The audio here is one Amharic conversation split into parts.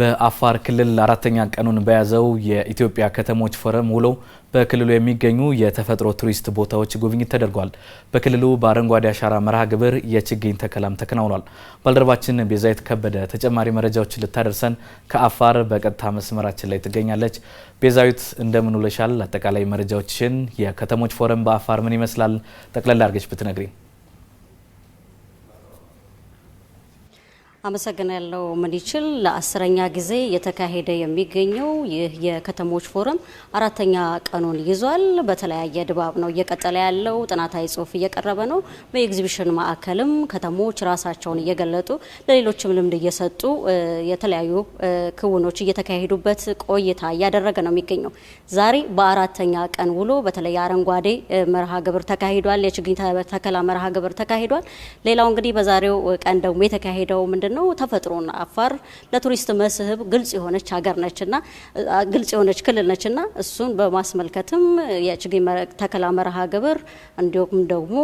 በአፋር ክልል አራተኛ ቀኑን በያዘው የኢትዮጵያ ከተሞች ፎረም ውሎ በክልሉ የሚገኙ የተፈጥሮ ቱሪስት ቦታዎች ጉብኝት ተደርጓል። በክልሉ በአረንጓዴ አሻራ መርሃ ግብር የችግኝ ተከላም ተከናውኗል። ባልደረባችን ቤዛይት ከበደ ተጨማሪ መረጃዎችን ልታደርሰን ከአፋር በቀጥታ መስመራችን ላይ ትገኛለች። ቤዛዊት እንደምን ውለሻል? አጠቃላይ መረጃዎችን የከተሞች ፎረም በአፋር ምን ይመስላል ጠቅለላ አድርገሽ ብትነግሪኝ። አመሰግናለሁ ምንይችል። ለአስረኛ ጊዜ እየተካሄደ የሚገኘው ይህ የከተሞች ፎረም አራተኛ ቀኑን ይዟል። በተለያየ ድባብ ነው እየቀጠለ ያለው። ጥናታዊ ጽሑፍ እየቀረበ ነው። በኤግዚቢሽን ማዕከልም ከተሞች ራሳቸውን እየገለጡ ለሌሎችም ልምድ እየሰጡ የተለያዩ ክውኖች እየተካሄዱበት ቆይታ እያደረገ ነው የሚገኘው። ዛሬ በአራተኛ ቀን ውሎ በተለይ አረንጓዴ መርሃ ግብር ተካሂዷል። የችግኝ ተከላ መርሃ ግብር ተካሂዷል። ሌላው እንግዲህ በዛሬው ቀን ደግሞ የተካሄደው ምንድን ነው ተፈጥሮን አፋር ለቱሪስት መስህብ ግልጽ የሆነች ሀገር ነችና ግልጽ የሆነች ክልል ነችና እሱን በማስመልከትም የችግኝ ተከላ መርሃ ግብር እንዲሁም ደግሞ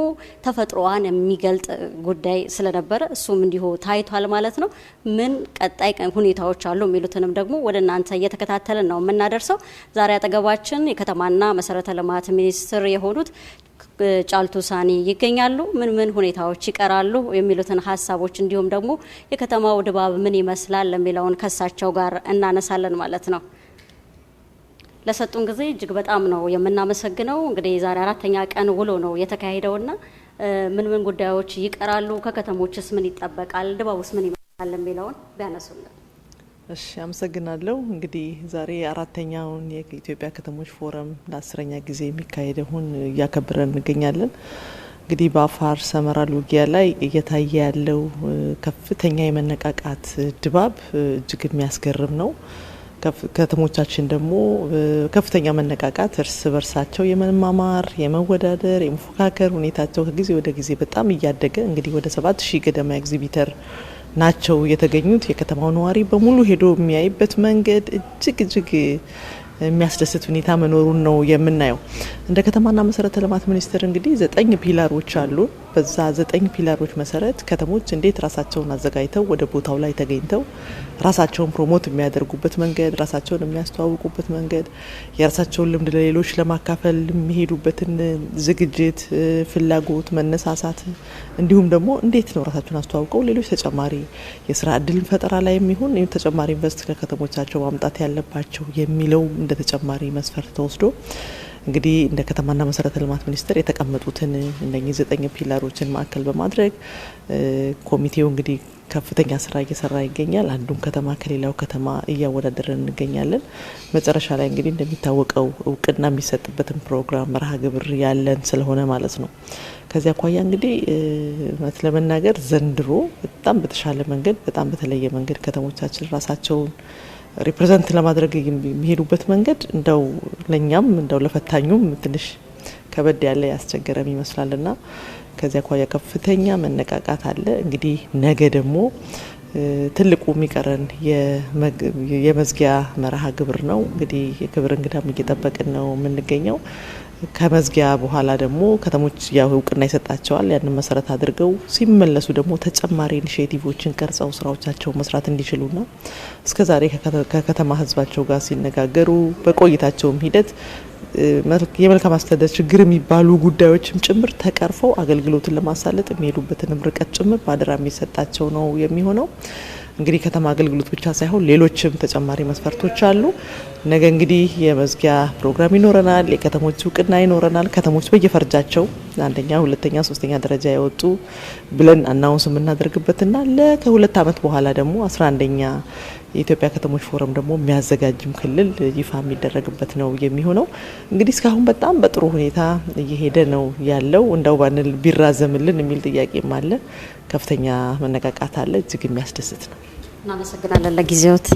ተፈጥሮዋን የሚገልጥ ጉዳይ ስለነበረ እሱም እንዲሁ ታይቷል ማለት ነው። ምን ቀጣይ ሁኔታዎች አሉ የሚሉትንም ደግሞ ወደ እናንተ እየተከታተልን ነው የምናደርሰው። ዛሬ አጠገባችን የከተማና መሰረተ ልማት ሚኒስትር የሆኑት ጫልቱ ሳኒ ይገኛሉ? ምን ምን ሁኔታዎች ይቀራሉ የሚሉትን ሀሳቦች እንዲሁም ደግሞ የከተማው ድባብ ምን ይመስላል የሚለውን ከሳቸው ጋር እናነሳለን ማለት ነው። ለሰጡን ጊዜ እጅግ በጣም ነው የምናመሰግነው። እንግዲህ የዛሬ አራተኛ ቀን ውሎ ነው የተካሄደውና ምን ምን ጉዳዮች ይቀራሉ፣ ከከተሞችስ ምን ይጠበቃል፣ ድባቡስ ምን ይመስላል የሚለውን ቢያነሱልን እሺ አመሰግናለሁ። እንግዲህ ዛሬ አራተኛውን የኢትዮጵያ ከተሞች ፎረም ለአስረኛ ጊዜ የሚካሄደውን እያከበረን እንገኛለን። እንግዲህ በአፋር ሰመራ ሎጊያ ላይ እየታየ ያለው ከፍተኛ የመነቃቃት ድባብ እጅግ የሚያስገርም ነው። ከተሞቻችን ደግሞ ከፍተኛ መነቃቃት እርስ በርሳቸው የመማማር፣ የመወዳደር፣ የመፎካከር ሁኔታቸው ከጊዜ ወደ ጊዜ በጣም እያደገ እንግዲህ ወደ ሰባት ሺህ ገደማ ኤግዚቢተር ናቸው የተገኙት። የከተማው ነዋሪ በሙሉ ሄዶ የሚያይበት መንገድ እጅግ እጅግ የሚያስደስት ሁኔታ መኖሩን ነው የምናየው። እንደ ከተማና መሰረተ ልማት ሚኒስቴር እንግዲህ ዘጠኝ ፒላሮች አሉ። በዛ ዘጠኝ ፒላሮች መሰረት ከተሞች እንዴት ራሳቸውን አዘጋጅተው ወደ ቦታው ላይ ተገኝተው ራሳቸውን ፕሮሞት የሚያደርጉበት መንገድ፣ ራሳቸውን የሚያስተዋውቁበት መንገድ፣ የራሳቸውን ልምድ ለሌሎች ለማካፈል የሚሄዱበትን ዝግጅት፣ ፍላጎት፣ መነሳሳት እንዲሁም ደግሞ እንዴት ነው ራሳቸውን አስተዋውቀው ሌሎች ተጨማሪ የስራ እድል ፈጠራ ላይ የሚሆን ተጨማሪ ኢንቨስት ከከተሞቻቸው ማምጣት ያለባቸው የሚለው እንደ ተጨማሪ መስፈርት ተወስዶ እንግዲህ እንደ ከተማና መሰረተ ልማት ሚኒስቴር የተቀመጡትን እነኚህ ዘጠኝ ፒላሮችን ማዕከል በማድረግ ኮሚቴው እንግዲህ ከፍተኛ ስራ እየሰራ ይገኛል። አንዱን ከተማ ከሌላው ከተማ እያወዳደረን እንገኛለን። መጨረሻ ላይ እንግዲህ እንደሚታወቀው እውቅና የሚሰጥበትን ፕሮግራም መርሃ ግብር ያለን ስለሆነ ማለት ነው። ከዚያ አኳያ እንግዲህ እውነት ለመናገር ዘንድሮ በጣም በተሻለ መንገድ በጣም በተለየ መንገድ ከተሞቻችን ራሳቸውን ሪፕሬዘንት ለማድረግ የሚሄዱበት መንገድ እንደው ለእኛም እንደው ለፈታኙም ትንሽ ከበድ ያለ ያስቸገረም ይመስላልና ከዚያ አኳያ ከፍተኛ መነቃቃት አለ። እንግዲህ ነገ ደግሞ ትልቁ የሚቀረን የመዝጊያ መርሃ ግብር ነው። እንግዲህ የክብር እንግዳም እየጠበቅን ነው የምንገኘው። ከመዝጊያ በኋላ ደግሞ ከተሞች ያው እውቅና ይሰጣቸዋል። ያንን መሰረት አድርገው ሲመለሱ ደግሞ ተጨማሪ ኢኒሽቲቮችን ቀርጸው ስራዎቻቸው መስራት እንዲችሉና እስከዛሬ ከከተማ ህዝባቸው ጋር ሲነጋገሩ በቆይታቸውም ሂደት የመልካም አስተዳደር ችግር የሚባሉ ጉዳዮችም ጭምር ተቀርፈው አገልግሎትን ለማሳለጥ የሚሄዱበትንም ርቀት ጭምር በአደራ የሚሰጣቸው ነው የሚሆነው። እንግዲህ ከተማ አገልግሎት ብቻ ሳይሆን ሌሎችም ተጨማሪ መስፈርቶች አሉ። ነገ እንግዲህ የመዝጊያ ፕሮግራም ይኖረናል። የከተሞች እውቅና ይኖረናል። ከተሞች በየፈርጃቸው አንደኛ፣ ሁለተኛ፣ ሶስተኛ ደረጃ የወጡ ብለን አናውንስ የምናደርግበትና ከሁለት ዓመት በኋላ ደግሞ አስራ አንደኛ የኢትዮጵያ ከተሞች ፎረም ደግሞ የሚያዘጋጅም ክልል ይፋ የሚደረግበት ነው የሚሆነው። እንግዲህ እስካሁን በጣም በጥሩ ሁኔታ እየሄደ ነው ያለው። እንደው ባንል ቢራዘምልን የሚል ጥያቄም አለ። ከፍተኛ መነቃቃት አለ። እጅግ የሚያስደስት ነው። እናመሰግናለን ለጊዜዎት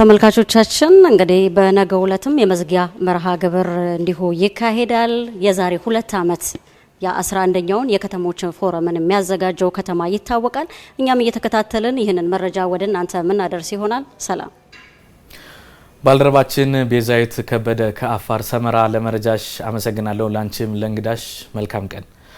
ተመልካቾቻችን እንግዲህ በነገው ዕለትም የመዝጊያ መርሃ ግብር እንዲሁ ይካሄዳል። የዛሬ ሁለት ዓመት የአስራ አንደኛውን የከተሞች ፎረምን የሚያዘጋጀው ከተማ ይታወቃል። እኛም እየተከታተልን ይህንን መረጃ ወደ እናንተ የምናደርስ ይሆናል። ሰላም። ባልደረባችን ቤዛዊት ከበደ ከአፋር ሰመራ ለመረጃሽ አመሰግናለሁ። ላንቺም ለእንግዳሽ መልካም ቀን